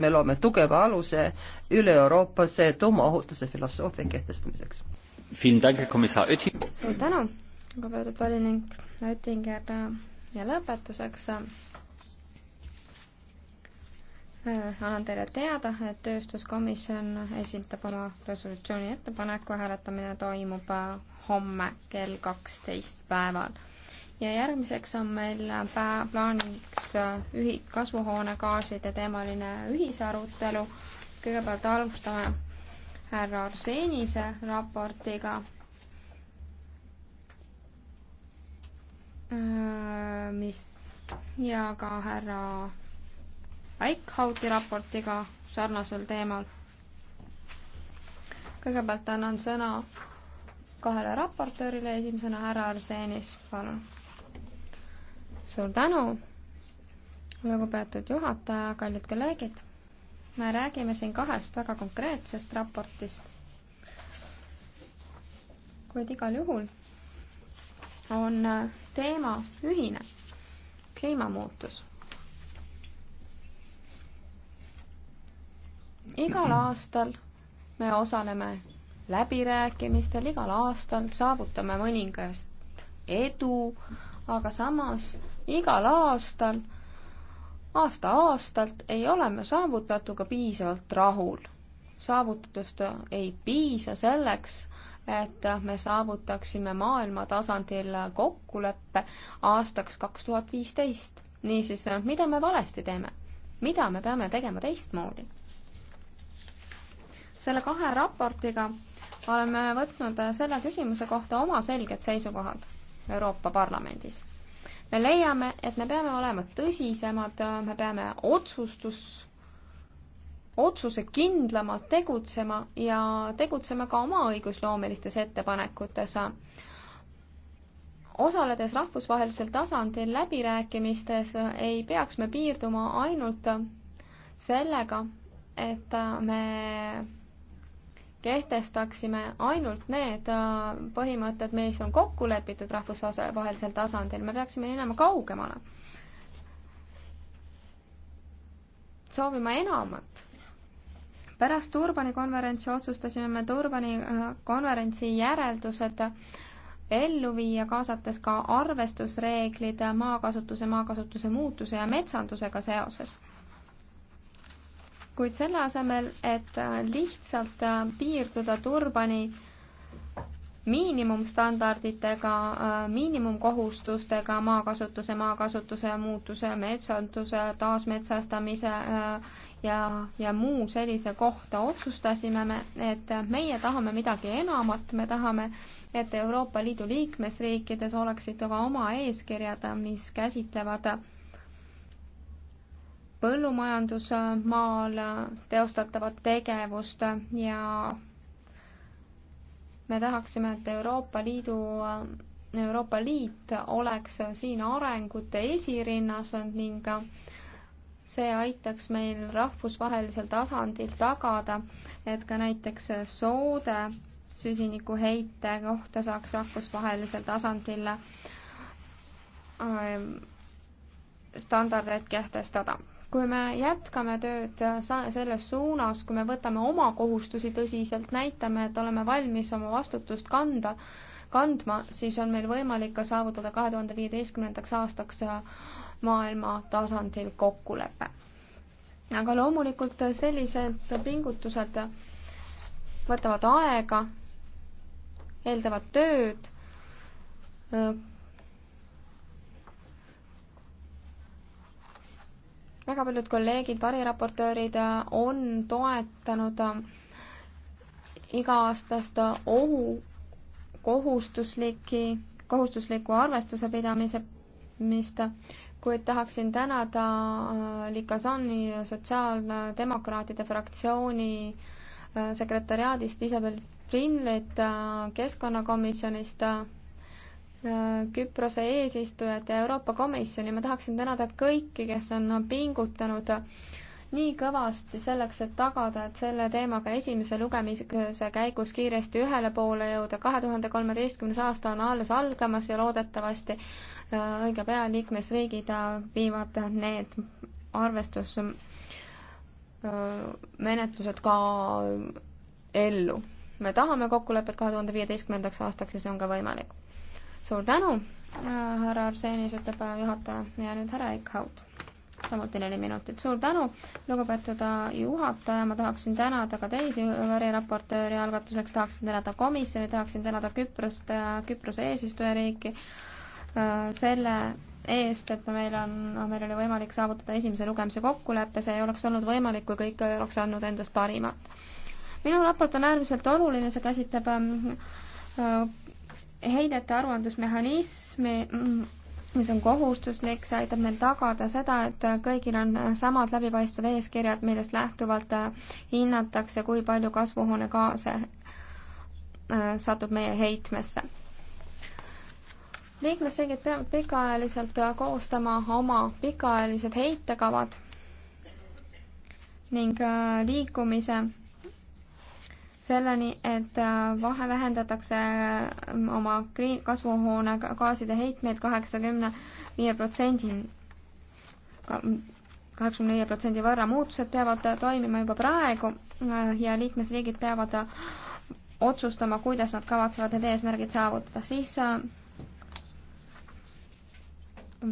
me loome tugeva aluse üle-Euroopase tuumaohutuse filosoofia kehtestamiseks. suur tänu, lugupeetud volinik Oettinger ja lõpetuseks äh, annan teile teada, et tööstuskomisjon esitab oma resolutsiooni ettepaneku, hääletamine toimub äh, homme kell kaksteist päeval ja järgmiseks on meil plaaniks äh, ühi-, kasvuhoonegaaside teemaline ühisarutelu. kõigepealt alustame härra Arsenise raportiga, äh, mis ja ka härra Eichhauti raportiga sarnasel teemal. kõigepealt annan sõna kahele raportöörile, esimesena härra Arsenis, palun suur tänu, lugupeetud juhataja, kallid kolleegid. me räägime siin kahest väga konkreetsest raportist. kuid igal juhul on teema ühine, kliimamuutus. igal aastal me osaleme läbirääkimistel, igal aastal saavutame mõningast edu, aga samas igal aastal, aasta-aastalt ei ole me saavutatuga piisavalt rahul. saavutatust ei piisa selleks, et me saavutaksime maailma tasandil kokkuleppe aastaks kaks tuhat viisteist. niisiis, mida me valesti teeme? mida me peame tegema teistmoodi? selle kahe raportiga oleme võtnud selle küsimuse kohta oma selged seisukohad Euroopa Parlamendis me leiame, et me peame olema tõsisemad, me peame otsustus, otsusekindlamalt tegutsema ja tegutsema ka oma õigusloomelistes ettepanekutes. osaledes rahvusvahelisel tasandil läbirääkimistes, ei peaks me piirduma ainult sellega, et me kehtestaksime ainult need äh, põhimõtted, mis on kokku lepitud rahvusvahelisel tasandil, me peaksime minema kaugemale. soovima enamat. pärast Turbani konverentsi otsustasime me Turbani äh, konverentsi järeldused ellu viia, kaasates ka arvestusreeglid maakasutuse, maakasutuse muutuse ja metsandusega seoses kuid selle asemel, et äh, lihtsalt äh, piirduda Turbani miinimumstandarditega, äh, miinimumkohustustega maakasutuse, maakasutuse muutuse, metsanduse, taasmetsastamise ja, ja muu sellise kohta otsustasime me, et meie tahame midagi enamat, me tahame, et Euroopa Liidu liikmesriikides oleksid ka oma eeskirjad, mis käsitlevad põllumajandusmaal teostatavat tegevust ja me tahaksime, et Euroopa Liidu, Euroopa Liit oleks siin arengute esirinnas ning see aitaks meil rahvusvahelisel tasandil tagada, et ka näiteks soode süsinikuheite kohta saaks rahvusvahelisel tasandil äh, standardeid kehtestada kui me jätkame tööd äh, selles suunas, kui me võtame oma kohustusi tõsiselt, näitame, et oleme valmis oma vastutust kanda, kandma, siis on meil võimalik ka saavutada kahe tuhande viieteistkümnendaks aastaks äh, maailma tasandil kokkulepe. aga loomulikult äh, sellised pingutused võtavad aega, eeldavad tööd väga paljud kolleegid, variraportöörid on toetanud äh, iga-aastast äh, ohu kohustusliki, kohustusliku arvestuse pidamise, mist, kuid tahaksin tänada äh, Likasoni sotsiaaldemokraatide fraktsiooni sekretariaadist Isabel Finlit keskkonnakomisjonist Küprose eesistujat ja Euroopa Komisjoni, ma tahaksin tänada kõiki, kes on pingutanud nii kõvasti selleks, et tagada, et selle teemaga esimese lugemise käigus kiiresti ühele poole jõuda. kahe tuhande kolmeteistkümnes aasta on alles algamas ja loodetavasti äh, õige pea liikmesriigid äh, viivad need arvestusmenetlused äh, ka ellu. me tahame kokkulepet kahe tuhande viieteistkümnendaks aastaks ja see on ka võimalik suur tänu, äh, härra Arsenis, ütleb äh, juhataja ja nüüd härra Eichhaut samuti neli minutit. suur tänu, lugupeetud äh, juhataja, ma tahaksin tänada ka teisi variraportööri algatuseks, tahaksin tänada komisjoni, tahaksin tänada Küprost, Küprose eesistujariiki selle eest, et meil on, meil oli võimalik saavutada esimese lugemise kokkulepe, see ei oleks olnud võimalik, kui kõik oleks andnud endast parimat. minu raport on äärmiselt oluline, see käsitleb ähm, heidete aruandlusmehhanismi, mis on kohustuslik, see aitab meil tagada seda, et kõigil on samad läbipaistvad eeskirjad, millest lähtuvalt hinnatakse, kui palju kasvuhoonegaase äh, satub meie heitmesse. liikmesriigid peavad pikaajaliselt koostama oma pikaajalised heitekavad ning äh, liikumise selleni, et äh, vahe vähendatakse äh, oma kasvuhoonegaaside heitmeid kaheksakümne viie protsendini kaheksakümne viie protsendi võrra. muutused peavad toimima juba praegu äh, ja liikmesriigid peavad otsustama, kuidas nad kavatsevad need eesmärgid saavutada. siis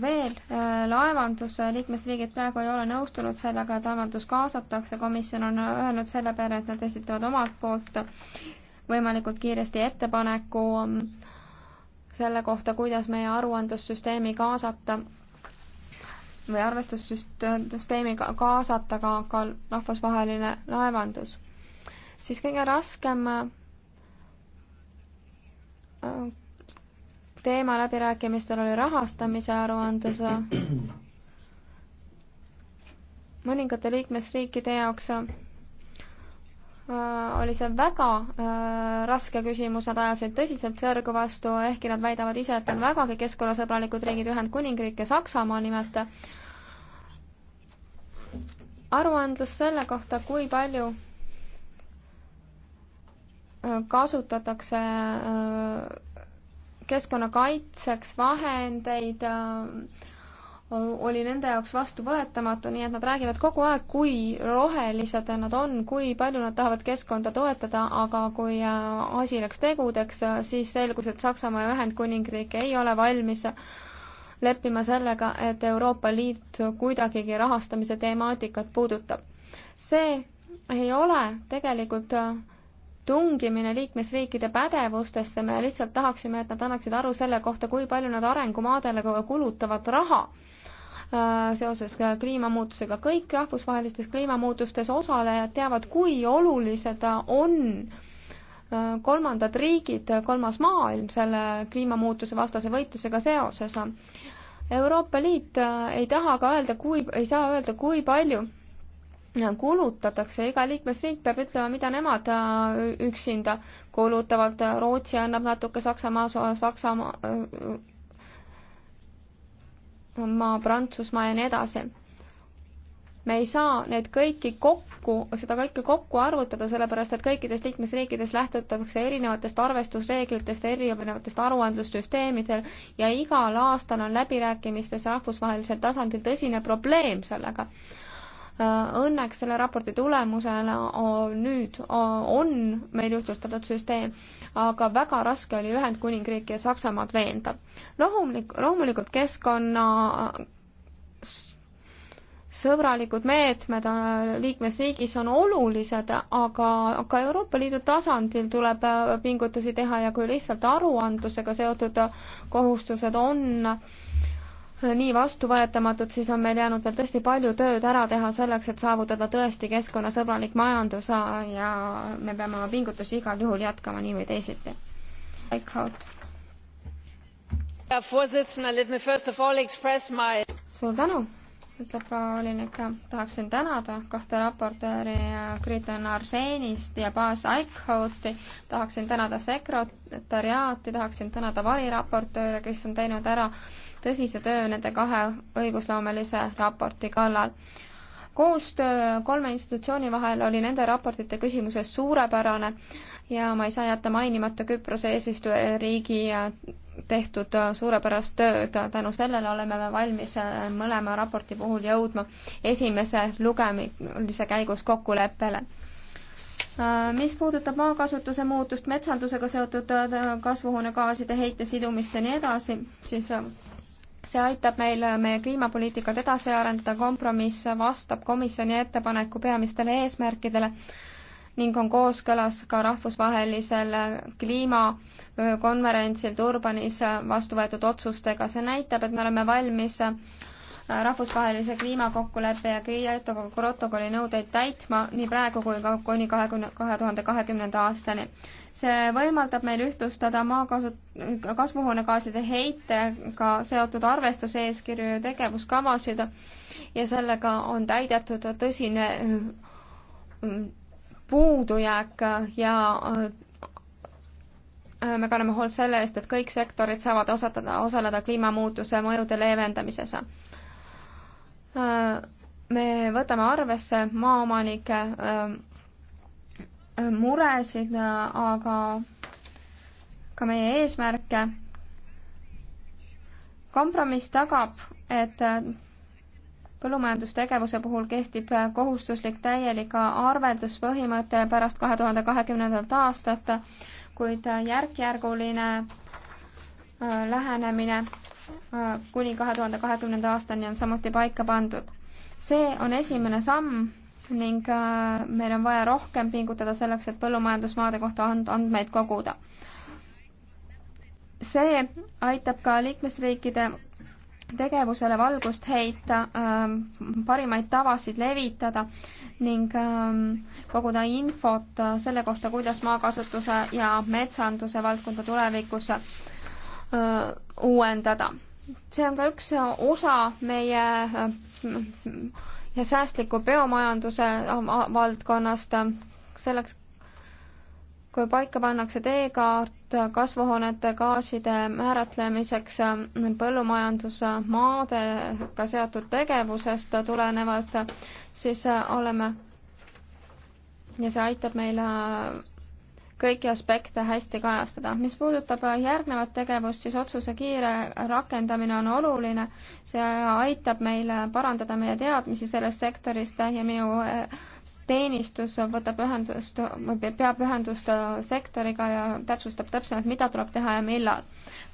veel äh, laevandus, äh, liikmesriigid praegu ei ole nõustunud sellega, et laevandus kaasatakse, komisjon on äh, öelnud selle peale, et nad esitavad omalt poolt võimalikult kiiresti ettepaneku ähm, selle kohta, kuidas meie aruandlussüsteemi kaasata või arvestussüsteemi kaasata ka, ka rahvusvaheline laevandus, siis kõige raskem teema läbirääkimistel oli rahastamise aruandlus. mõningate liikmesriikide jaoks äh, oli see väga äh, raske küsimus, nad ajasid tõsiselt sõrgu vastu, ehkki nad väidavad ise, et on vägagi keskkonnasõbralikud riigid, Ühendkuningriik ja Saksamaa nimelt. aruandlus selle kohta, kui palju äh, kasutatakse keskkonnakaitseks vahendeid äh, oli nende jaoks vastuvõetamatu, nii et nad räägivad kogu aeg, kui rohelised nad on, kui palju nad tahavad keskkonda toetada, aga kui äh, asi läks tegudeks, äh, siis selgus, et Saksamaa ja Ühendkuningriik ei ole valmis leppima sellega, et Euroopa Liit kuidagigi rahastamise temaatikat puudutab. see ei ole tegelikult tungimine liikmesriikide pädevustesse, me lihtsalt tahaksime, et nad annaksid aru selle kohta, kui palju nad arengumaadele kulutavad raha äh, seoses kliimamuutusega. kõik rahvusvahelistes kliimamuutustes osalejad teavad, kui olulised on äh, kolmandad riigid, kolmas maailm selle kliimamuutuse vastase võitlusega seoses. Euroopa Liit äh, ei taha ka öelda, kui, ei saa öelda, kui palju kulutatakse, iga liikmesriik peab ütlema, mida nemad äh, üksinda kulutavad, Rootsi annab natuke Saksamaa, Saksamaa, äh, maa, Prantsusmaa ja nii edasi. me ei saa need kõiki kokku, seda kõike kokku arvutada, sellepärast et kõikides liikmesriikides lähtutakse erinevatest arvestusreeglitest, erinevatest aruandlussüsteemidel ja igal aastal on läbirääkimistes rahvusvahelisel tasandil tõsine probleem sellega Äh, õnneks selle raporti tulemusena äh, nüüd äh, on meil ühtlustatud süsteem, aga väga raske oli Ühendkuningriiki ja Saksamaad veenda. loomulik, loomulikult keskkonna sõbralikud meetmed liikmesriigis on olulised, aga ka Euroopa Liidu tasandil tuleb pingutusi teha ja kui lihtsalt aruandlusega seotud kohustused on äh, nii vastuvõetamatud, siis on meil jäänud veel tõesti palju tööd ära teha selleks, et saavutada tõesti keskkonnasõbralik majandus ja me peame oma pingutusi igal juhul jätkama nii või teisiti. suur tänu! ütleb proua Olinik, tahaksin tänada kahte raportööri Kriton Arsenist ja Baas Eichhouti, tahaksin tänada sekretariaati, tahaksin tänada variraportööre, kes on teinud ära tõsise töö nende kahe õigusloomelise raporti kallal koostöö kolme institutsiooni vahel oli nende raportite küsimuses suurepärane ja ma ei saa jätta mainimata Küprose eesistujariigi äh, tehtud äh, suurepärast tööd. tänu sellele oleme me valmis äh, mõlema raporti puhul jõudma esimese lugemise käigus kokkuleppele mis puudutab maakasutuse muutust, metsandusega seotud kasvuhoonegaaside heite sidumist ja nii edasi, siis see aitab meil meie kliimapoliitikat edasi arendada, kompromiss vastab komisjoni ettepaneku peamistele eesmärkidele ning on kooskõlas ka rahvusvahelisel kliimakonverentsil Durbanis vastu võetud otsustega. see näitab, et me oleme valmis rahvusvahelise kliimakokkuleppe ja Kyoto protokolli nõudeid täitma nii praegu kui ka kuni kahekümne, kahe tuhande kahekümnenda aastani see võimaldab meil ühtlustada maakasu-, kasvuhoonegaaside heitega seotud arvestuseeskirju ja tegevuskavasid ja sellega on täidetud tõsine mm, puudujääk ja äh, me kanname hoolt selle eest, et kõik sektorid saavad osatada, osaleda kliimamuutuse mõjude leevendamises. Äh, me võtame arvesse maaomanike äh, muresid, aga ka meie eesmärke. kompromiss tagab, et põllumajandustegevuse puhul kehtib kohustuslik täielik arvelduspõhimõte pärast kahe tuhande kahekümnendat aastat, kuid järk-järguline äh, lähenemine äh, kuni kahe tuhande kahekümnenda aastani on samuti paika pandud. see on esimene samm ning äh, meil on vaja rohkem pingutada selleks, et põllumajandusmaade kohta and-, andmeid koguda. see aitab ka liikmesriikide tegevusele valgust heita, ähm, parimaid tavasid levitada ning ähm, koguda infot äh, selle kohta, kuidas maakasutuse ja metsanduse valdkonda tulevikus äh, uuendada. see on ka üks osa meie ja säästliku biomajanduse äh, valdkonnast, selleks kui paika pannakse teekaart kasvuhoonete gaaside määratlemiseks äh, põllumajandusmaadega seotud tegevusest tulenevalt, siis äh, oleme ja see aitab meil kõiki aspekte hästi kajastada. mis puudutab järgnevat tegevust, siis otsuse kiire rakendamine on oluline, see aitab meil parandada meie teadmisi sellest sektorist ja minu eh, teenistus võtab ühendust, peab ühendust eh, sektoriga ja täpsustab täpsemalt, mida tuleb teha ja millal.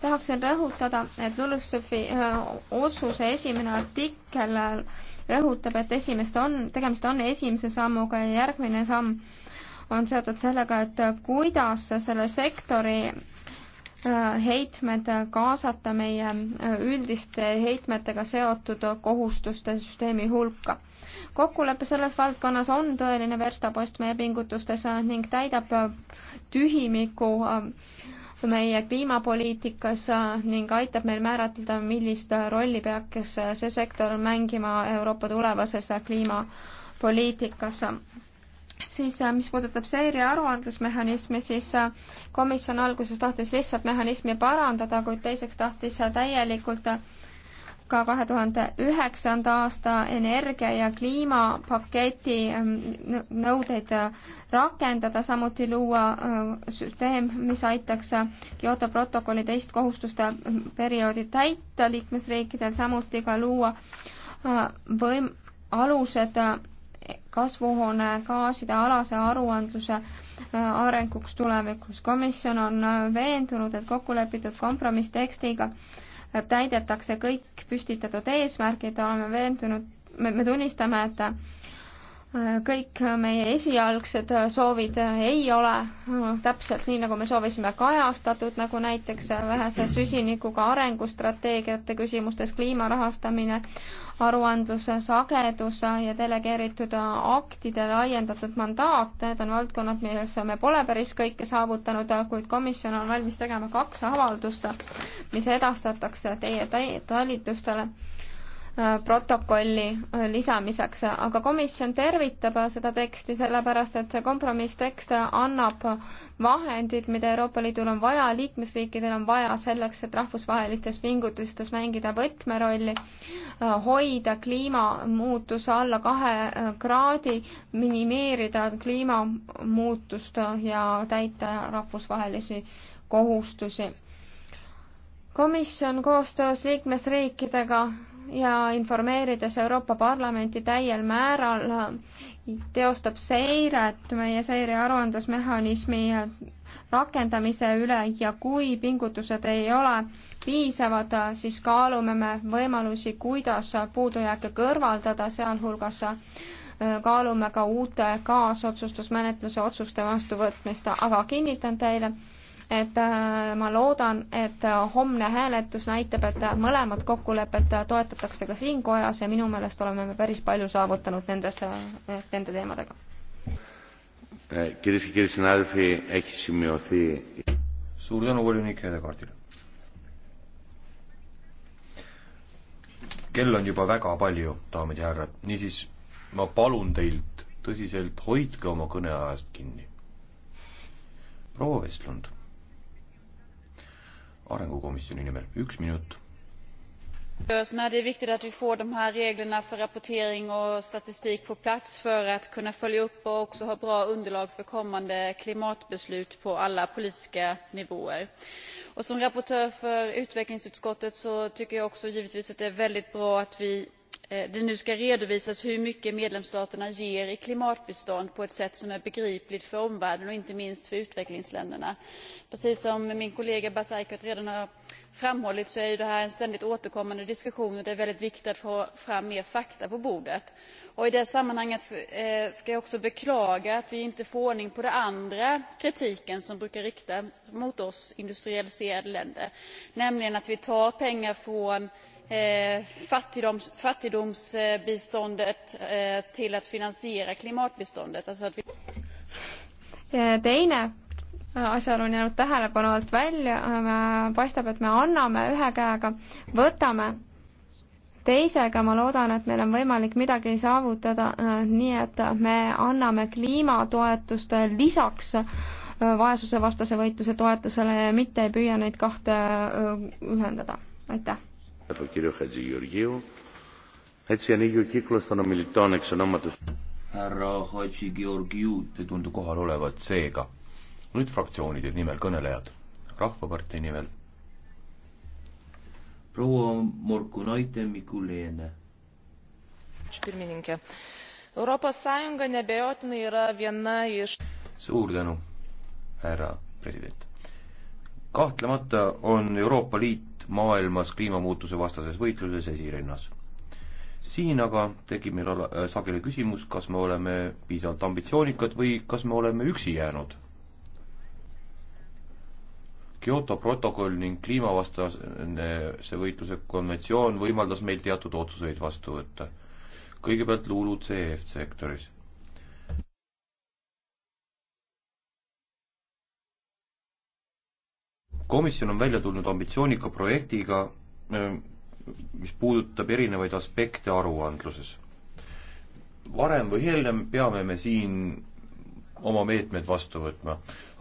tahaksin rõhutada, et LULUCF-i eh, otsuse esimene artikkel rõhutab, et esimest on, tegemist on esimese sammuga ja järgmine samm on seotud sellega, et kuidas selle sektori äh, heitmed kaasata meie äh, üldiste heitmetega seotud kohustuste süsteemi hulka. kokkulepe selles valdkonnas on tõeline verstapost meie pingutustes ning täidab äh, tühimiku meie kliimapoliitikas ning aitab meil määratleda, millist rolli peaks see sektor mängima Euroopa tulevases kliimapoliitikas siis äh, mis puudutab seire aruandlusmehhanismi, siis äh, komisjon alguses tahtis lihtsalt mehhanismi parandada, kuid teiseks tahtis äh, täielikult ka kahe tuhande üheksanda aasta energia- ja kliimapaketi ähm, nõudeid rakendada, samuti luua süsteem, mis aitaks Kyoto protokolli teist kohustuste perioodi täita liikmesriikidel, samuti ka luua võim-, alused kasvuhoonegaaside alase aruandluse äh, arenguks tulevikus. komisjon on äh, veendunud, et kokkulepitud kompromisstekstiga äh, täidetakse kõik püstitatud eesmärgid, oleme veendunud, me tunnistame, et kõik meie esialgsed soovid ei ole täpselt nii, nagu me soovisime, kajastatud, nagu näiteks vähese süsinikuga arengustrateegiate küsimustes kliima rahastamine, aruandluse sagedus ja delegeeritud aktide laiendatud mandaat, need on valdkonnad, milles me pole päris kõike saavutanud, kuid komisjon on valmis tegema kaks avaldust, mis edastatakse teie talitustele Äh, protokolli äh, lisamiseks, aga komisjon tervitab äh, seda teksti sellepärast, et see kompromisstekst annab vahendid, mida Euroopa Liidul on vaja, liikmesriikidel on vaja selleks, et rahvusvahelistes pingutustes mängida võtmerolli, hoida kliimamuutuse alla kahe kraadi, minimeerida kliimamuutust ja täita rahvusvahelisi kohustusi. komisjon koostöös liikmesriikidega ja informeerides Euroopa Parlamenti täiel määral, teostab seiret meie seirearuandlusmehhanismi rakendamise üle ja kui pingutused ei ole piisavad, siis kaalume me võimalusi, kuidas puudujääke kõrvaldada, sealhulgas äh, kaalume ka uute kaasotsustusmenetluse otsuste vastuvõtmist, aga kinnitan teile, et äh, ma loodan, et äh, homne hääletus näitab, et äh, mõlemat kokkulepet toetatakse ka siin kojas ja minu meelest oleme me päris palju saavutanud nendes, nende teemadega. suur tänu, volinik Hedekaardile. kell on juba väga palju, daamid ja härrad, niisiis ma palun teilt tõsiselt, hoidke oma kõneajast kinni. proua Vestlund arengukomisjoni nimel üks minut. Det är viktigt att vi får de här reglerna för rapportering och statistik på plats för att kunna följa upp och också ha bra underlag för kommande klimatbeslut på alla politiska nivåer. Och som rapportör för utvecklingsutskottet så tycker jag också givetvis att det är väldigt bra att vi eh, det nu ska redovisas hur mycket medlemsstaterna ger i klimatbistånd på ett sätt som är begripligt för omvärlden och inte minst för utvecklingsländerna. Precis som min kollega Basaikot redan har framhållit så är det här en ständigt återkommande diskussion och det är väldigt viktigt att få fram mer fakta på bordet. I det sammanhanget eh, ska jag också beklaga att vi inte får ordning på den andra kritiken som brukar riktas mot oss industrialiserade länder, nämligen att vi tar pengar från eh, fattigdomsbiståndet eh, till att finansiera klimatbiståndet. teine asjaolu on jäänud tähelepanu alt välja, paistab, et me anname ühe käega, võtame teisega, ma loodan, et meil on võimalik midagi saavutada, äh, nii et me anname kliimatoetust lisaks äh, vaesusevastase võitluse toetusele ja mitte ei püüa neid kahte äh, ühendada, aitäh. härra Hadži Georgiou, te tundu kohal olevat seega nüüd fraktsioonide nimel kõnelejad, Rahvapartei nimel. proua Morkunaite Mikuliene. Euroopa Sąjunga nebejotinai yra viena iš suur tänu, härra president. kahtlemata on Euroopa Liit maailmas kliimamuutuse vastases võitluses esirinnas. siin aga tekib meil äh, sageli küsimus, kas me oleme piisavalt ambitsioonikad või kas me oleme üksi jäänud Kyoto protokoll ning kliimavastase võitluse konventsioon võimaldas meil teatud otsuseid vastu võtta. kõigepealt LULUCF sektoris. komisjon on välja tulnud ambitsioonika projektiga, ähm, mis puudutab erinevaid aspekte aruandluses. varem või hiljem peame me siin oma meetmed vastu võtma,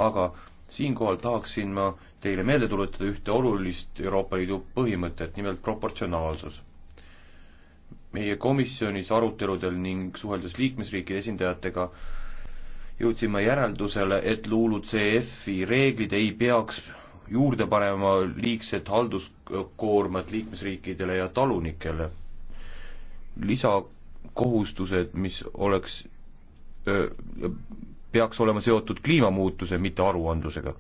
aga siinkohal tahaksin ma teile meelde tuletada ühte olulist Euroopa Liidu põhimõtet, nimelt proportsionaalsus. meie komisjonis aruteludel ning suheldes liikmesriikide esindajatega jõudsime järeldusele, et LULUCF-i reeglid ei peaks juurde panema liigset halduskoormat liikmesriikidele ja talunikele. lisakohustused, mis oleks, peaks olema seotud kliimamuutuse, mitte aruandlusega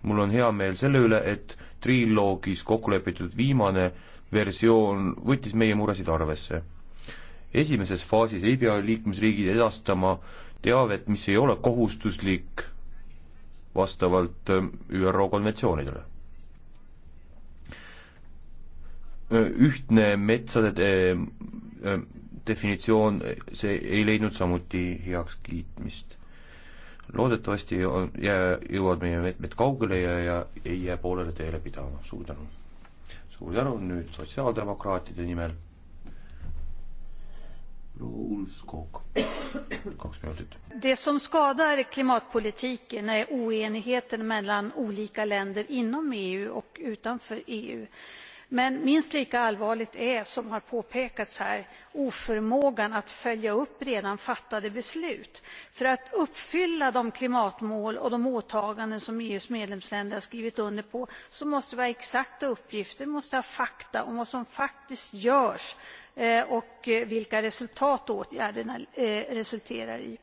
mul on hea meel selle üle, et triloogis kokku lepitud viimane versioon võttis meie muresid arvesse. esimeses faasis ei pea liikmesriigid edastama teavet, mis ei ole kohustuslik vastavalt äh, ÜRO konventsioonidele. Äh, ühtne metsade de, äh, definitsioon, see ei leidnud samuti heakskiitmist loodetavasti on, jää, jõuavad meie meetmed kaugele ja, ja ei jää poolele teele pidama, suur tänu. suur tänu nüüd sotsiaaldemokraatide nimel. Kaks minutit. Det som skadar klimatpolitiken är oenigheten mellan olika länder inom EU och utanför EU. Men minst lika allvarligt är, som har påpekats här, oförmågan att följa upp redan fattade beslut. För att uppfylla de klimatmål och de åtaganden som EU:s medlemsländer har skrivit under på måste vi ha exakta uppgifter, vi måste ha fakta om vad som faktiskt görs eh, och eh, vilka resultat åtgärderna eh, resulterar i.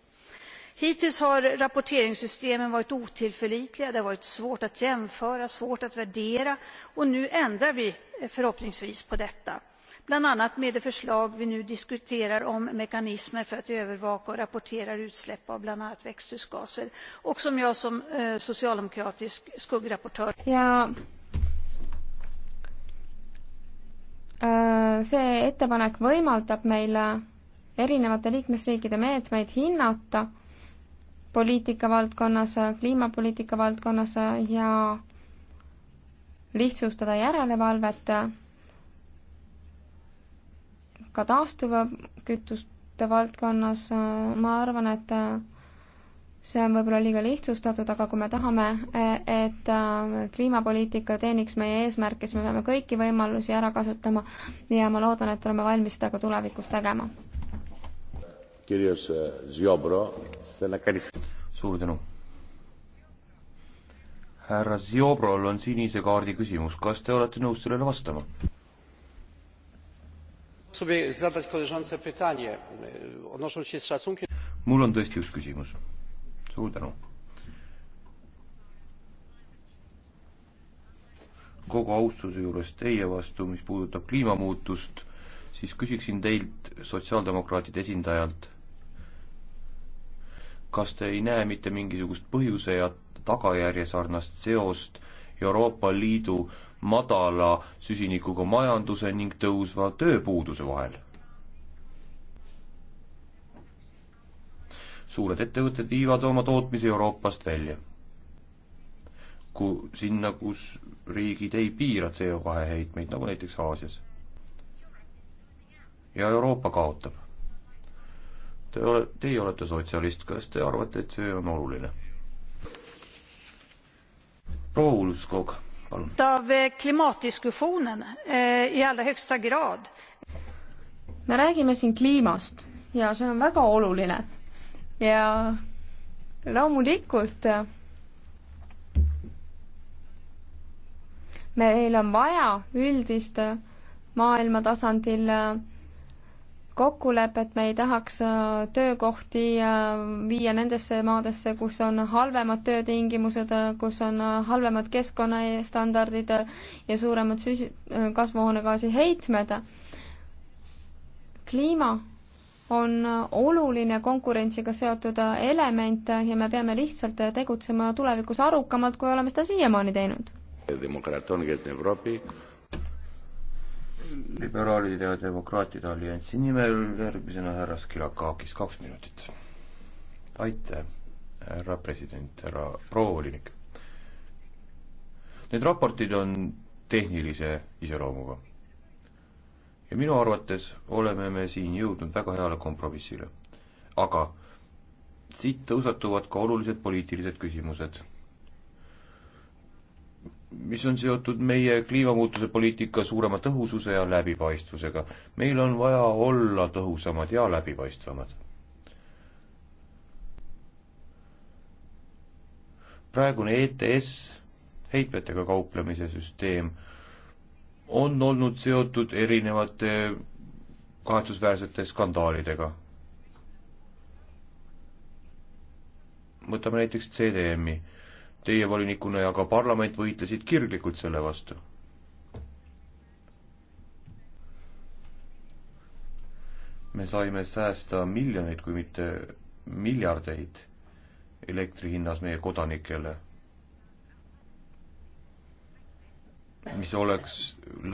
Hittills har rapporteringssystemen varit otillförlitliga. Det har varit svårt att jämföra, svårt att värdera. Nu ändrar vi förhoppningsvis på detta bland annat med det förslag vi nu diskuterar om mekanismer för att övervaka och rapportera utsläpp av bland annat växthusgaser och som jag som eh, socialdemokratisk skuggrapportör ja eh, see ettepanek võimaldab meil erinevate liikmesriikide meetmeid hinnata poliitika valdkonnas, kliimapoliitika valdkonnas ja lihtsustada järelevalvet ka taastuva kütuste valdkonnas ma arvan, et see on võib-olla liiga lihtsustatud, aga kui me tahame, et kliimapoliitika teeniks meie eesmärke, siis me peame kõiki võimalusi ära kasutama ja ma loodan, et oleme valmis seda ka tulevikus tegema. kirjas eh, Ziobro, selle käis. suur tänu. härra Ziobrol on sinise kaardi küsimus, kas te olete nõus sellele vastama? mul on tõesti üks küsimus. suur tänu. kogu austuse juures teie vastu, mis puudutab kliimamuutust, siis küsiksin teilt, sotsiaaldemokraatide esindajalt, kas te ei näe mitte mingisugust põhjuse ja tagajärje sarnast seost Euroopa Liidu äh, madala süsinikuga majanduse ning tõusva tööpuuduse vahel. suured ettevõtted viivad oma tootmise Euroopast välja. Ku-, sinna, kus riigid ei piira CO2 heitmeid, nagu näiteks Aasias. ja Euroopa kaotab. Te ole-, teie olete sotsialist, kas te arvate, et see on oluline? proua Ulfskog palun. Eh, eh, me räägime siin kliimast ja see on väga oluline ja loomulikult meil on vaja üldist maailma tasandil kokkulepet, me ei tahaks äh, töökohti äh, viia nendesse maadesse, kus on halvemad töötingimused, äh, kus on halvemad keskkonnastandardid ja suuremad süsi-, kasvuhoonegaasi heitmed. kliima on oluline konkurentsiga seotud element ja me peame lihtsalt tegutsema tulevikus arukamalt, kui oleme seda siiamaani teinud liberaalide ja demokraatide alliansi nimel järgmisena härra Skilakakis, kaks minutit. aitäh, härra president, härra proua volinik. Need raportid on tehnilise iseloomuga. ja minu arvates oleme me siin jõudnud väga heale kompromissile. aga siit tõusetuvad ka olulised poliitilised küsimused mis on seotud meie kliimamuutuse poliitika suurema tõhususe ja läbipaistvusega. meil on vaja olla tõhusamad ja läbipaistvamad. praegune ETS, heitmetega kauplemise süsteem, on olnud seotud erinevate kahetsusväärsete skandaalidega. võtame näiteks CDM-i teie volinikuna ja ka parlament võitlesid kirglikult selle vastu. me saime säästa miljoneid, kui mitte miljardeid elektri hinnas meie kodanikele, mis oleks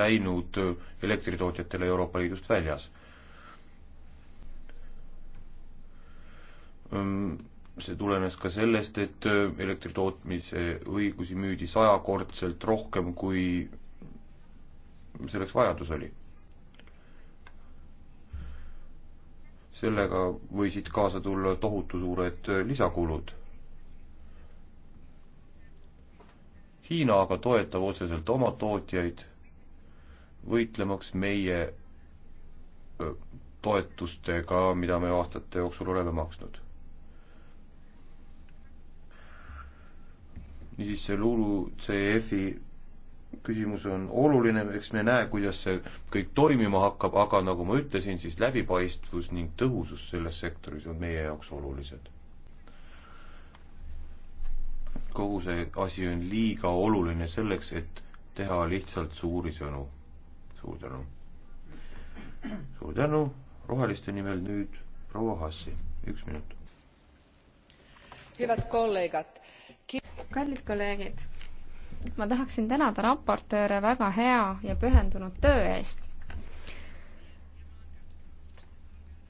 läinud elektritootjatele Euroopa Liidust väljas see tulenes ka sellest, et äh, elektritootmise õigusi müüdi sajakordselt rohkem, kui selleks vajadus oli. sellega võisid kaasa tulla tohutu suured äh, lisakulud. Hiina aga toetab otseselt oma tootjaid, võitlemaks meie äh, toetustega, mida me aastate jooksul oleme maksnud niisiis see LULUCF-i küsimus on oluline, eks me näe, kuidas see kõik toimima hakkab, aga nagu ma ütlesin, siis läbipaistvus ning tõhusus selles sektoris on meie jaoks olulised. kogu see asi on liiga oluline selleks, et teha lihtsalt suuri sõnu. suur tänu. suur tänu, roheliste nimel nüüd proua Hassi, üks minut. head kolleegid kallid kolleegid, ma tahaksin tänada raportööre väga hea ja pühendunud töö eest.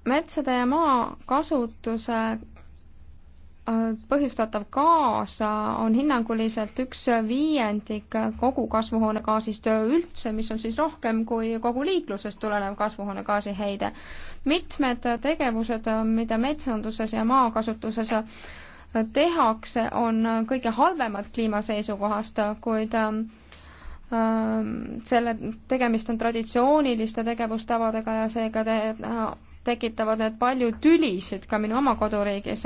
metsade ja maa kasutuse äh, põhjustatav gaas äh, on hinnanguliselt üks viiendik kogu kasvuhoonegaasist üldse, mis on siis rohkem kui kogu liiklusest tulenev kasvuhoonegaasi heide. mitmed tegevused, äh, mida metsanduses ja maakasutuses tehakse, on kõige halvemad kliima seisukohast, kuid ähm, ähm, selle, tegemist on traditsiooniliste tegevustavadega ja seega te, äh, tekitavad need palju tülisid ka minu oma koduriigis.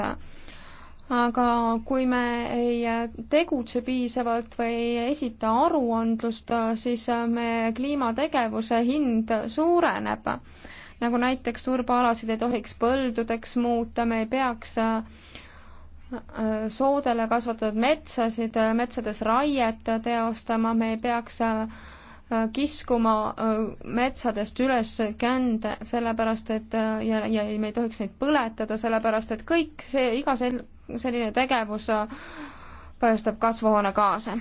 aga kui me ei äh, tegutse piisavalt või ei esita aruandlust, äh, siis me kliimategevuse hind suureneb. nagu näiteks turbaalasid ei tohiks põldudeks muuta, me ei peaks äh, soodele kasvatatud metsasid, metsades raiet teostama, me ei peaks äh, kiskuma äh, metsadest üles kände, sellepärast et äh, ja, ja me ei tohiks neid põletada, sellepärast et kõik see, iga sel-, selline tegevus põhjustab kasvuhoonegaase.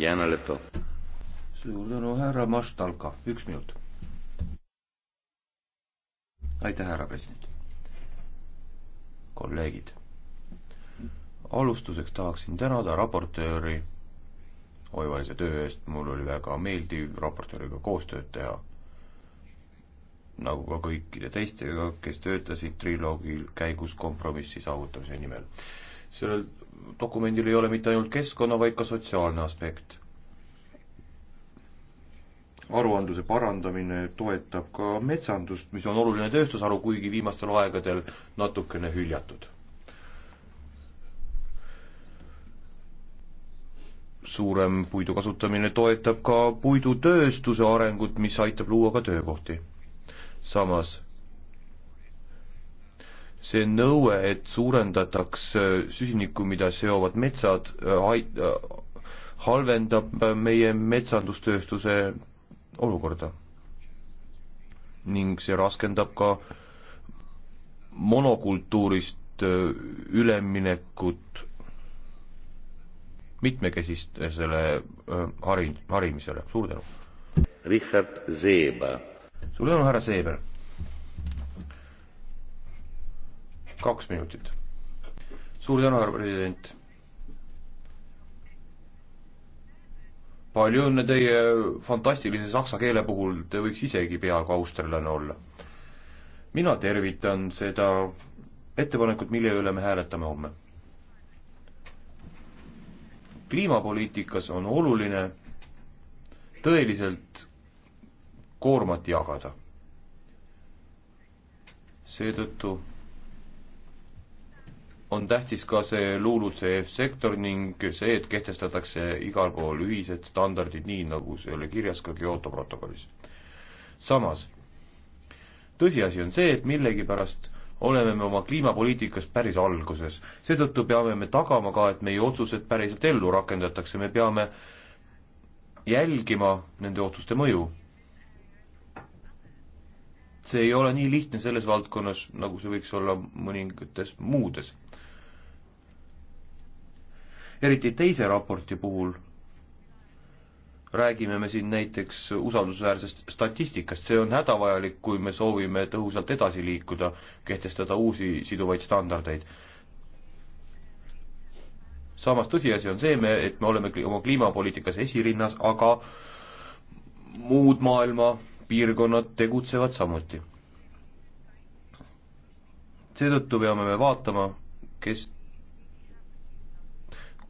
Jana Leto. suur tänu, härra Mastalka, üks minut. aitäh, härra president. kolleegid alustuseks tahaksin tänada raportööri oivalise töö eest, mul oli väga meeldiv raportööriga koostööd teha. nagu ka kõikide teistega, kes töötasid triloogi käigus kompromissi saavutamise nimel. sellel dokumendil ei ole mitte ainult keskkonna, vaid ka sotsiaalne aspekt. aruandluse parandamine toetab ka metsandust, mis on oluline tööstusharu, kuigi viimastel aegadel natukene hüljatud suurem puidu kasutamine toetab ka puidutööstuse arengut, mis aitab luua ka töökohti. samas see nõue, et suurendataks süsinikku, mida seovad metsad, äh, äh, halvendab meie metsandustööstuse olukorda. ning see raskendab ka monokultuurist äh, üleminekut mitmekesisele hari-, harimisele, suur tänu! Richard Zeeber. suur tänu, härra Zeeber! kaks minutit. suur tänu, härra president! palju õnne teie fantastilise saksa keele puhul, te võiks isegi peaaegu austerlane olla. mina tervitan seda ettepanekut, mille üle me hääletame homme kliimapoliitikas on oluline tõeliselt koormat jagada. seetõttu on tähtis ka see LULUCF sektor ning see, et kehtestatakse igal pool ühised standardid, nii nagu see oli kirjas ka Kyoto protokollis. samas, tõsiasi on see, et millegipärast oleme me oma kliimapoliitikas päris alguses. seetõttu peame me tagama ka, et meie otsused päriselt ellu rakendatakse, me peame jälgima nende otsuste mõju. see ei ole nii lihtne selles valdkonnas, nagu see võiks olla mõningates muudes. eriti teise raporti puhul räägime me siin näiteks usaldusväärsest statistikast, see on hädavajalik, kui me soovime tõhusalt edasi liikuda, kehtestada uusi siduvaid standardeid. samas tõsiasi on see, me, et me oleme oma kliimapoliitikas esirinnas, aga muud maailma piirkonnad tegutsevad samuti. seetõttu peame me vaatama, kes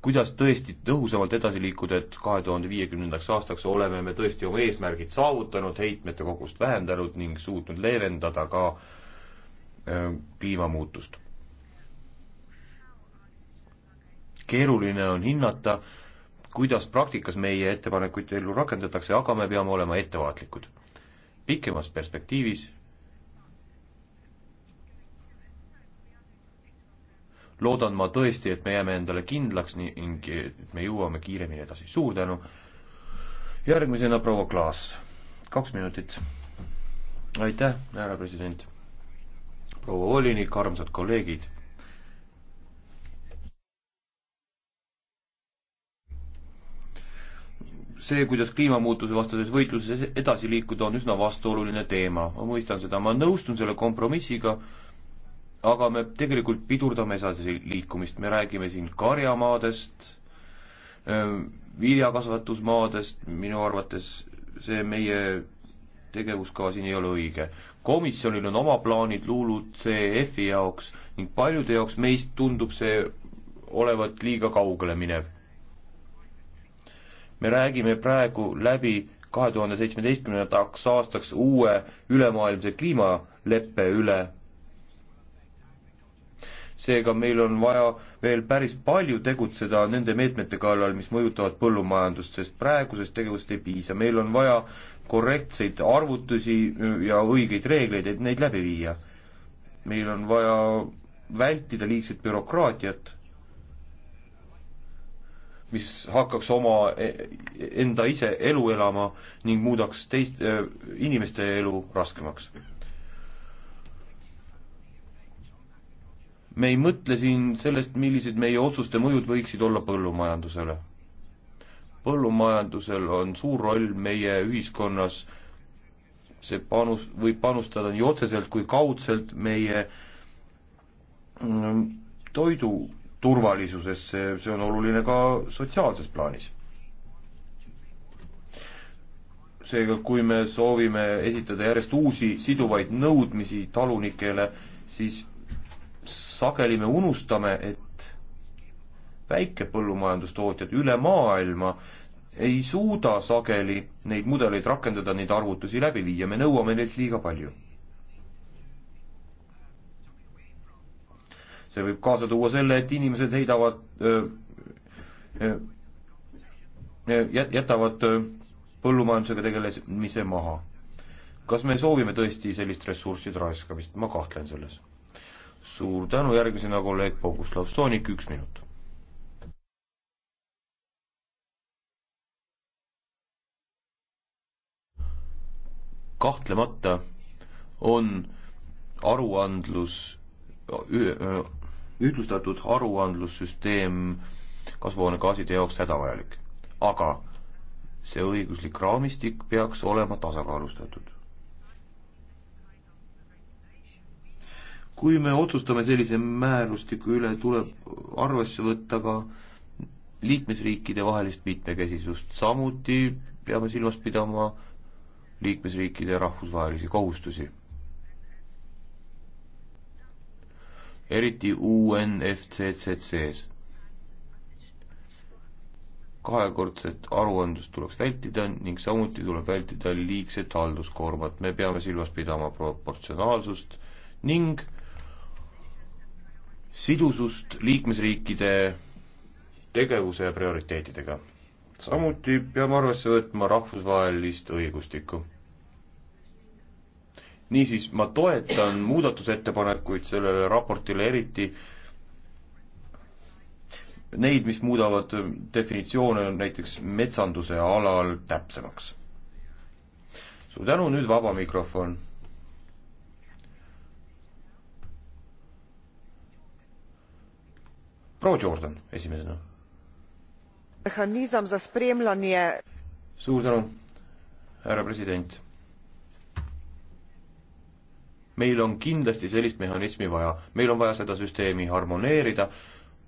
kuidas tõesti tõhusamalt edasi liikuda, et kahe tuhande viiekümnendaks aastaks oleme me tõesti oma eesmärgid saavutanud, heitmete kogust vähendanud ning suutnud leevendada ka äh, kliimamuutust. keeruline on hinnata, kuidas praktikas meie ettepanekuid ellu rakendatakse, aga me peame olema ettevaatlikud. pikemas perspektiivis loodan ma tõesti, et me jääme endale kindlaks ning et me jõuame kiiremini edasi. suur tänu. järgmisena proua Klaas, kaks minutit. aitäh, härra president. proua volinik, armsad kolleegid. see, kuidas kliimamuutuse vastases võitluses edasi liikuda, on üsna vastuoluline teema. ma mõistan seda, ma nõustun selle kompromissiga aga me tegelikult pidurdame edasiliikumist, me räägime siin karjamaadest, äh, viljakasvatusmaadest, minu arvates see meie tegevuskava siin ei ole õige. komisjonil on oma plaanid LULUCF-i jaoks ning paljude jaoks meist tundub see olevat liiga kaugele minev. me räägime praegu läbi kahe tuhande seitsmeteistkümnendaks aastaks uue ülemaailmse kliimaleppe üle seega meil on vaja veel päris palju tegutseda nende meetmete kallal, mis mõjutavad põllumajandust, sest praegusest tegevust ei piisa, meil on vaja korrektseid arvutusi ja õigeid reegleid, et neid läbi viia. meil on vaja vältida liigset bürokraatiat, mis hakkaks oma e-, enda ise elu elama ning muudaks teist, e, inimeste elu raskemaks me ei mõtle siin sellest, millised meie otsuste mõjud võiksid olla põllumajandusele. põllumajandusel on suur roll meie ühiskonnas, see panus, võib panustada nii otseselt kui kaudselt meie mm, toidu turvalisusesse, see on oluline ka sotsiaalses plaanis. seega, kui me soovime esitada järjest uusi siduvaid nõudmisi talunikele, siis sageli me unustame, et väikepõllumajandustootjad üle maailma ei suuda sageli neid mudeleid rakendada, neid arvutusi läbi viia, me nõuame neilt liiga palju. see võib kaasa tuua selle, et inimesed heidavad, jätavad öö, põllumajandusega tegelemise maha. kas me soovime tõesti sellist ressursside raiskamist, ma kahtlen selles suur tänu, järgmisena kolleeg Boguslav Soonik, üks minut. kahtlemata on aruandlus, ühtlustatud aruandlussüsteem kasvuhoonegaaside jaoks hädavajalik, aga see õiguslik raamistik peaks olema tasakaalustatud kui me otsustame sellise määrustiku üle, tuleb arvesse võtta ka liikmesriikide vahelist mitmekesisust, samuti peame silmas pidama liikmesriikide rahvusvahelisi kohustusi. eriti UNFCCC-s. kahekordset aruandlust tuleks vältida ning samuti tuleb vältida liigset halduskoormat, me peame silmas pidama proportsionaalsust ning sidusust liikmesriikide tegevuse ja prioriteetidega. samuti peame arvesse võtma rahvusvahelist õigustikku. niisiis, ma toetan muudatusettepanekuid sellele raportile, eriti neid, mis muudavad definitsioone näiteks metsanduse alal täpsemaks. suur tänu, nüüd vaba mikrofon proua Jordan esimesena. mehhanism za spremljanje. suur tänu, härra president. meil on kindlasti sellist mehhanismi vaja, meil on vaja seda süsteemi harmoneerida,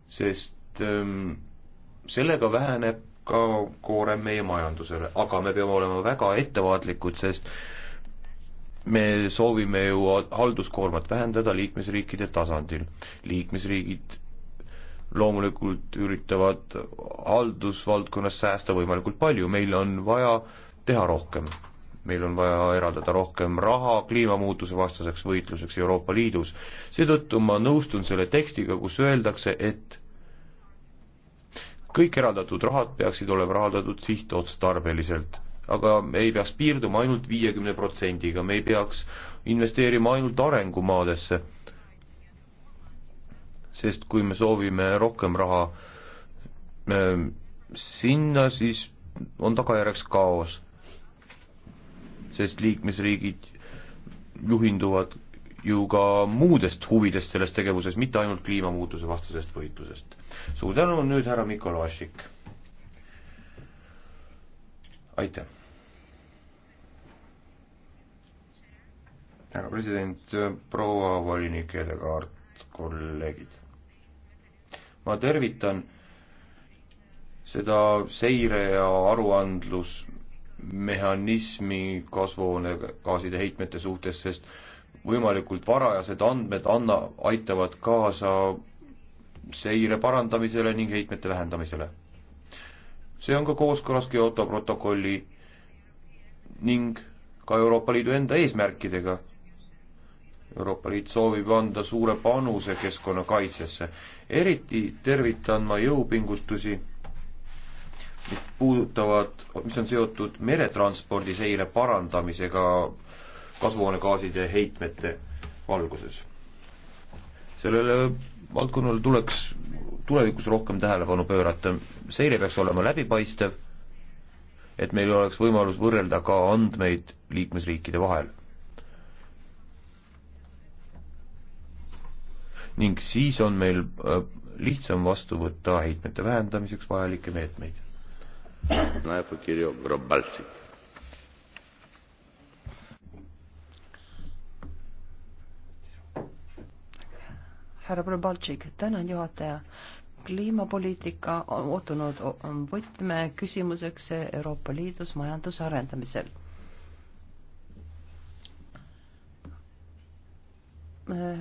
sest ähm, sellega väheneb ka koorem meie majandusele, aga me peame olema väga ettevaatlikud, sest me soovime ju halduskoormat vähendada liikmesriikide tasandil. liikmesriigid loomulikult üritavad haldusvaldkonnas säästa võimalikult palju, meil on vaja teha rohkem. meil on vaja eraldada rohkem raha kliimamuutuse vastaseks võitluseks Euroopa Liidus. seetõttu ma nõustun selle tekstiga, kus öeldakse, et kõik eraldatud rahad peaksid olema eraldatud sihtotstarbeliselt, aga me ei peaks piirduma ainult viiekümne protsendiga, me ei peaks investeerima ainult arengumaadesse sest kui me soovime rohkem raha sinna, siis on tagajärjeks kaos. sest liikmesriigid juhinduvad ju ka muudest huvidest selles tegevuses, mitte ainult kliimamuutuse vastasest võitlusest. suur tänu, nüüd härra Mikol Vašik. aitäh. härra president, proua volinik Edegaard, kolleegid ma tervitan seda seire- ja aruandlusmehhanismi kasvuhoonegaaside heitmete suhtes, sest võimalikult varajased andmed anna, aitavad kaasa seire parandamisele ning heitmete vähendamisele. see on ka kooskõlas Kyoto protokolli ning ka Euroopa Liidu enda eesmärkidega Euroopa Liit soovib anda suure panuse keskkonnakaitsesse. eriti tervitan ma jõupingutusi, mis puudutavad, mis on seotud meretranspordi seire parandamisega kasvuhoonegaaside heitmete valguses. sellele valdkonnale tuleks tulevikus rohkem tähelepanu pöörata, seire peaks olema läbipaistev, et meil oleks võimalus võrrelda ka andmeid liikmesriikide vahel ning siis on meil äh, lihtsam vastu võtta heitmete vähendamiseks vajalikke meetmeid. härra Probaltšik, tänan juhataja. kliimapoliitika on muutunud võtmeküsimuseks Euroopa Liidus majanduse arendamisel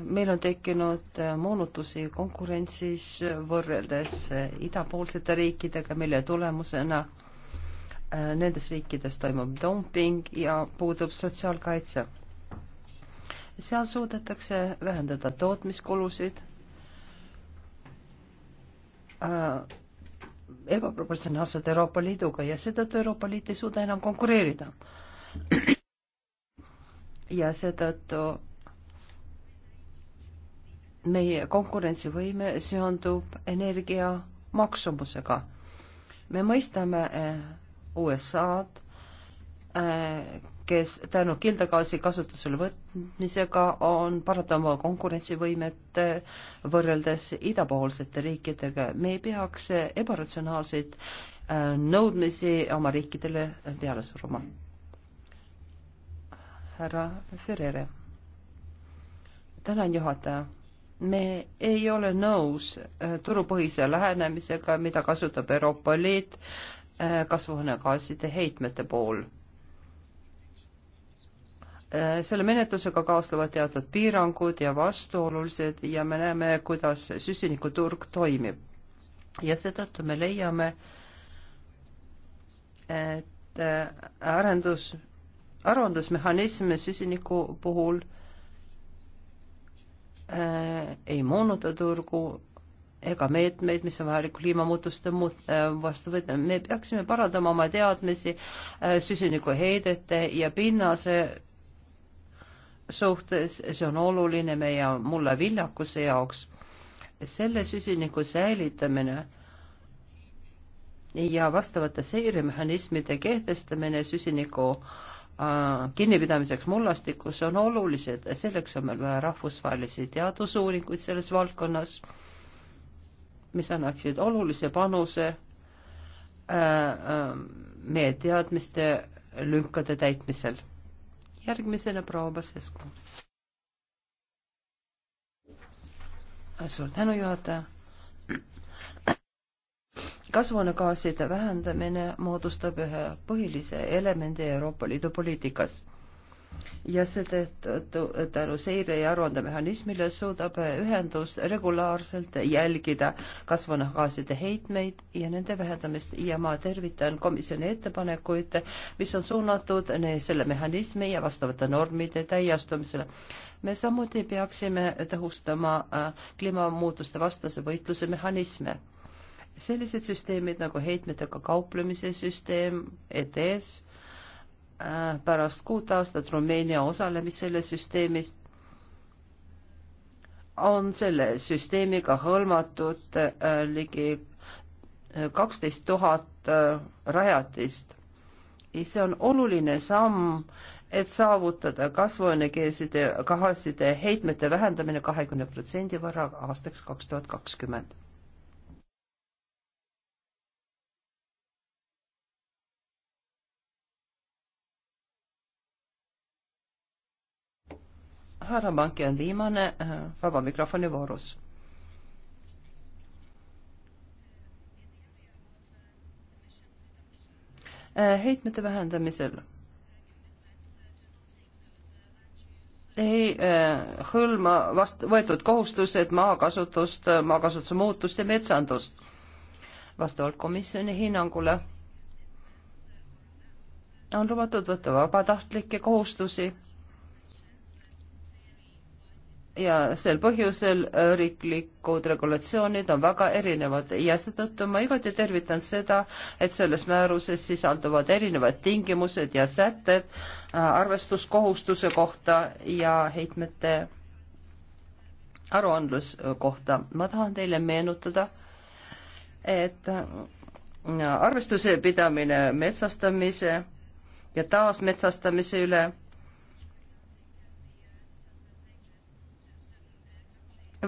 meil on tekkinud moonutusi konkurentsis võrreldes idapoolsete riikidega, mille tulemusena äh, nendes riikides toimub dumping ja puudub sotsiaalkaitse. seal suudetakse vähendada tootmiskulusid, äh, ebaproportsionaalselt Euroopa Liiduga ja seetõttu Euroopa Liit ei suuda enam konkureerida. ja seetõttu meie konkurentsivõime seondub energia maksumusega. me mõistame eh, USA-d, eh, kes tänu kildagaasi kasutusele võtmisega on paratama konkurentsivõimet eh, võrreldes idapoolsete riikidega. me ei peaks ebaratsionaalseid nõudmisi oma riikidele peale suruma. härra Ferrere. tänan, juhataja me ei ole nõus äh, turupõhise lähenemisega, mida kasutab Euroopa Liit äh, kasvuhoonegaaside heitmete pool. Äh, selle menetlusega kaasnevad teatud piirangud ja vastuolulised ja me näeme, kuidas süsinikuturg toimib. ja seetõttu me leiame, et arendus, arvandusmehhanism süsiniku puhul Äh, ei moonuta turgu ega meetmeid, mis on vajalik kliimamuutuste muut-, äh, vastu võtta. me peaksime parandama oma teadmisi äh, süsinikuheidete ja pinnase suhtes, see on oluline meie mulla viljakuse jaoks. selle süsiniku säilitamine ja vastavate seiremehhanismide kehtestamine süsiniku Äh, kinnipidamiseks mullastikus on olulised, selleks on meil vaja rahvusvahelisi teadusuuringuid selles valdkonnas, mis annaksid olulise panuse äh, äh, meie teadmiste lünkade täitmisel. järgmisena proua Basescu. suur tänu, juhataja kasvuhoonegaaside vähendamine moodustab ühe põhilise elemendi Euroopa Liidu poliitikas ja seetõttu tänu seire- ja aruandemehhanismile suudab ühendus regulaarselt jälgida kasvuhoonegaaside heitmeid ja nende vähendamist ja ma tervitan komisjoni ettepanekuid, mis on suunatud selle mehhanismi ja vastavate normide täiastumisele. me samuti peaksime tõhustama äh, kliimamuutuste vastase võitluse mehhanisme sellised süsteemid nagu heitmetega kauplemise süsteem ETS, äh, pärast kuut aastat Rumeenia osalemist selles süsteemis on selle süsteemiga hõlmatud äh, ligi äh, kaksteist tuhat rajatist. see on oluline samm, et saavutada kasvuhoonegaaside, gaaside heitmete vähendamine kahekümne protsendi võrra aastaks kaks tuhat kakskümmend härra Manki on viimane eh, vaba mikrofoni voorus eh, heitmete vähendamisel ei eh, hõlma vast võetud kohustused maakasutust, maakasutuse muutust ja metsandust. vastavalt komisjoni hinnangule on lubatud võtta vabatahtlikke kohustusi ja sel põhjusel äh, riiklikud regulatsioonid on väga erinevad ja seetõttu ma igati tervitan seda, et selles määruses sisalduvad erinevad tingimused ja sätted äh, arvestuskohustuse kohta ja heitmete aruandlus äh, kohta. ma tahan teile meenutada, et arvestuse pidamine metsastamise ja taasmetsastamise üle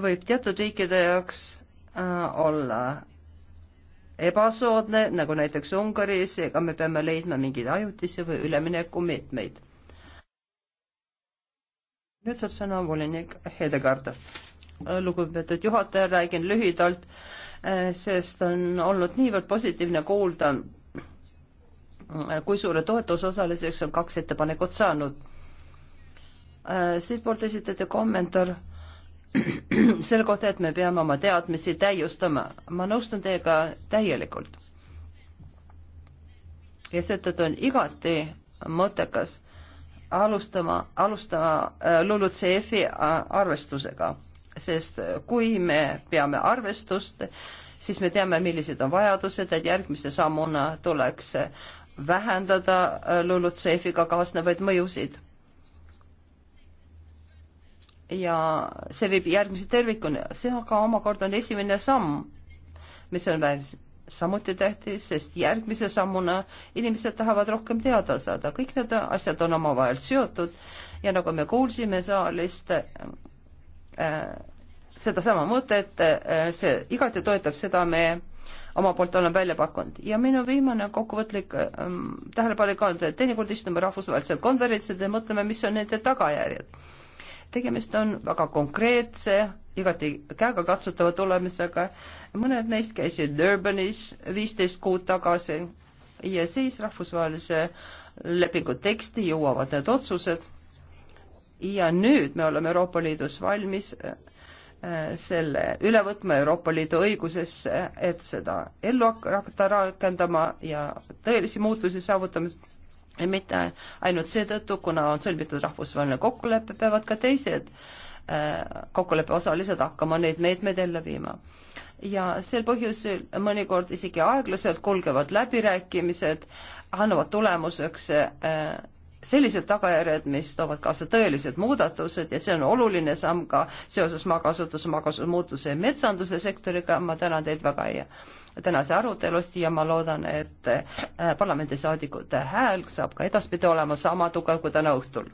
võib teatud riikide jaoks äh, olla ebasoodne, nagu näiteks Ungaris, ega me peame leidma mingeid ajutisi või üleminekumeetmeid. nüüd saab sõna volinik Hedegard. Äh, lugupeetud juhataja, räägin lühidalt, äh, sest on olnud niivõrd positiivne kuulda, kui suure toetuse osaliseks on kaks ettepanekut saanud. siitpoolt esitati kommentaar äh, selle kohta, et me peame oma teadmisi täiustama. ma nõustun teiega täielikult. ja seetõttu on igati mõttekas alustama, alustama äh, LULUCF-i äh, arvestusega, sest äh, kui me peame arvestust, siis me teame, millised on vajadused, et järgmise sammuna tuleks vähendada LULUCF-iga kaasnevaid mõjusid ja see viib järgmise tervikuna, see aga omakorda on esimene samm, mis on veel samuti tähtis, sest järgmise sammuna inimesed tahavad rohkem teada saada, kõik need asjad on omavahel seotud ja nagu me kuulsime saalist äh,, sedasama mõtet äh,, see igati toetab seda me oma poolt olen välja pakkunud ja minu viimane kokkuvõtlik ähm, tähelepanek on, et teinekord istume rahvusvahelisel konverentsil ja mõtleme, mis on nende tagajärjed tegemist on väga konkreetse, igati käegakatsutava tulemusega. mõned neist käisid Durbanis viisteist kuud tagasi ja siis rahvusvahelise lepingu teksti jõuavad need otsused. ja nüüd me oleme Euroopa Liidus valmis äh, selle üle võtma Euroopa Liidu õigusesse, et seda ellu hakata rakendama ja tõelisi muutusi saavutama mitte ainult seetõttu, kuna on sõlmitud rahvusvaheline kokkulepe, peavad ka teised äh, kokkuleppe osalised hakkama neid meetmeid ellu viima. ja sel põhjusel mõnikord isegi aeglaselt kulgevad läbirääkimised, annavad tulemuseks äh, sellised tagajärjed, mis toovad kaasa tõelised muudatused ja see on oluline samm ka seoses maakasutuse, maakasutuse muutuse ja metsanduse sektoriga, ma tänan teid väga ja tänase arutelust ja ma loodan, et äh, parlamendisaadikute hääl saab ka edaspidi olema sama tugev kui täna õhtul.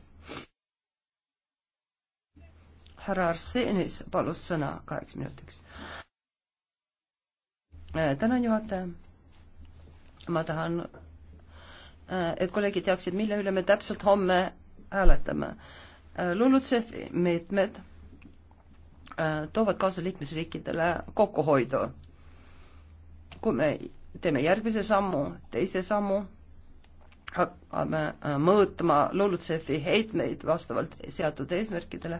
härra Arsenis palus sõna kaheks minutiks. Äh, tänan, juhataja. ma tahan, äh, et kolleegid teaksid, mille üle me täpselt homme hääletame. LULUCF-i meetmed toovad kaasa liikmesriikidele kokkuhoidu kui me teeme järgmise sammu, teise sammu, hakkame äh, mõõtma LULUCF-i heitmeid vastavalt seatud eesmärkidele,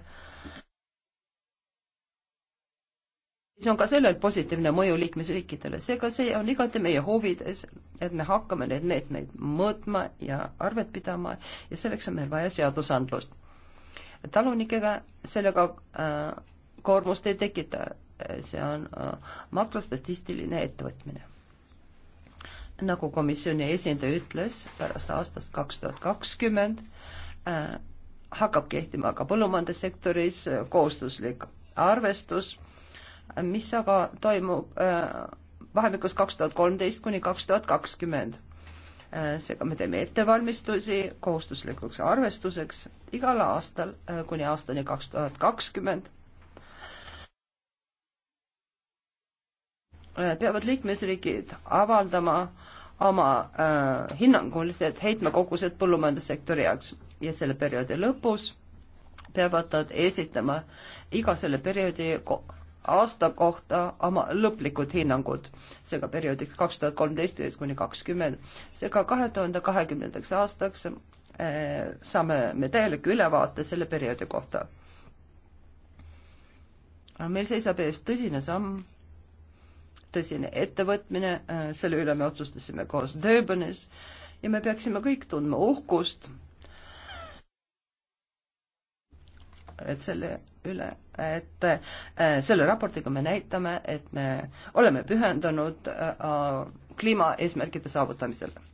siis on ka sellel positiivne mõju liikmesriikidele, seega see on igati meie huvides, et me hakkame neid meetmeid mõõtma ja arvet pidama ja selleks on meil vaja seadusandlust. talunikega sellega äh, koormust ei tekita, see on äh, makrostatistiline ettevõtmine. nagu komisjoni esindaja ütles, pärast aastast kaks tuhat kakskümmend äh, hakkab kehtima ka põllumajandussektoris äh, kohustuslik arvestus, mis aga toimub vahemikus kaks tuhat kolmteist kuni kaks tuhat kakskümmend seega me teeme ettevalmistusi kohustuslikuks arvestuseks igal aastal kuni aastani kaks tuhat kakskümmend Äh, peavad liikmesriigid avaldama oma äh, hinnangulised heitmekogused põllumajandussektori jaoks ja selle perioodi lõpus peavad nad esitama iga selle perioodi ko aasta kohta oma lõplikud hinnangud, seega perioodiks kaks tuhat kolmteist kuni kakskümmend. seega kahe tuhande kahekümnendaks aastaks äh, saame me täieliku ülevaate selle perioodi kohta. meil seisab ees tõsine samm tõsine ettevõtmine, äh, selle üle me otsustasime koos Durbanis ja me peaksime kõik tundma uhkust, et selle üle, et äh, selle raportiga me näitame, et me oleme pühendunud äh, kliimaeesmärkide saavutamisele.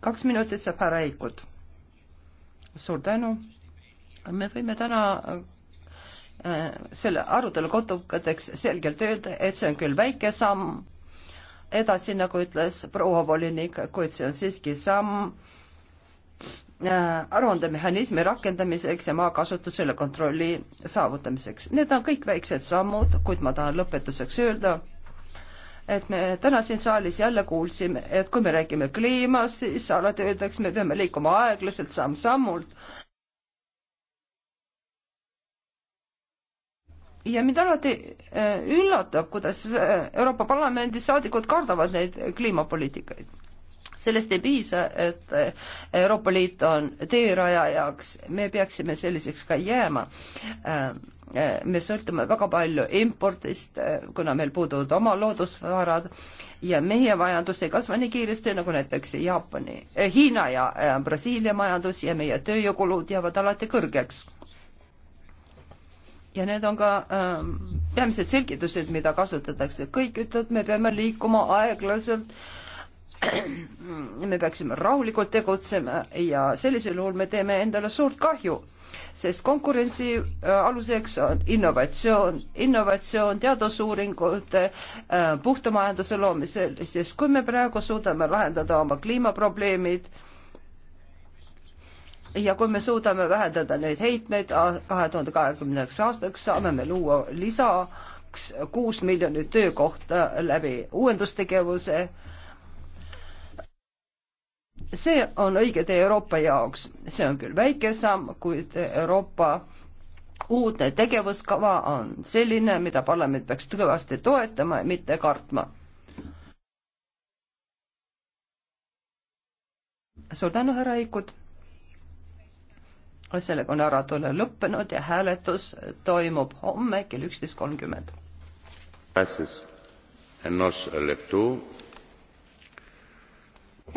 kaks minutit saab ära Eikult. suur tänu. me võime täna Äh, selle arutelu kotukateks selgelt öelda, et see on küll väike samm edasi, nagu ütles proua volinik, kuid see on siiski samm äh, aruandemehhanismi rakendamiseks ja maakasutusele kontrolli saavutamiseks. Need on kõik väiksed sammud, kuid ma tahan lõpetuseks öelda, et me täna siin saalis jälle kuulsime, et kui me räägime kliimast, siis alati öeldakse, me peame liikuma aeglaselt samm-sammult ja mind alati äh, üllatab, kuidas äh, Euroopa Parlamendi saadikud kardavad neid kliimapoliitikaid. sellest ei piisa, et äh, Euroopa Liit on teerajajaks, me peaksime selliseks ka jääma. Ähm, me sõltume väga palju impordist, kuna meil puuduvad oma loodusvarad ja meie majandus ei kasva nii kiiresti, nagu näiteks Jaapani, Hiina ja Brasiilia majandus ja meie tööjõukulud jäävad alati kõrgeks ja need on ka ähm, peamised selgitused, mida kasutatakse. kõik ütlevad, me peame liikuma aeglaselt, me peaksime rahulikult tegutsema ja sellisel juhul me teeme endale suurt kahju, sest konkurentsi äh, aluseks on innovatsioon, innovatsioon teadusuuringute äh,, puhta majanduse loomisel, sest kui me praegu suudame lahendada oma kliimaprobleemid äh,, ja kui me suudame vähendada neid heitmeid kahe tuhande kahekümneks aastaks, saame me luua lisaks kuus miljonit töökohta läbi uuendustegevuse. see on õige tee Euroopa jaoks, see on küll väike samm, kuid Euroopa uudne tegevuskava on selline, mida parlament peaks kõvasti toetama ja mitte kartma. suur tänu, härra Eikud sellega on äratunne lõppenud ja hääletus toimub homme kell üksteist kolmkümmend.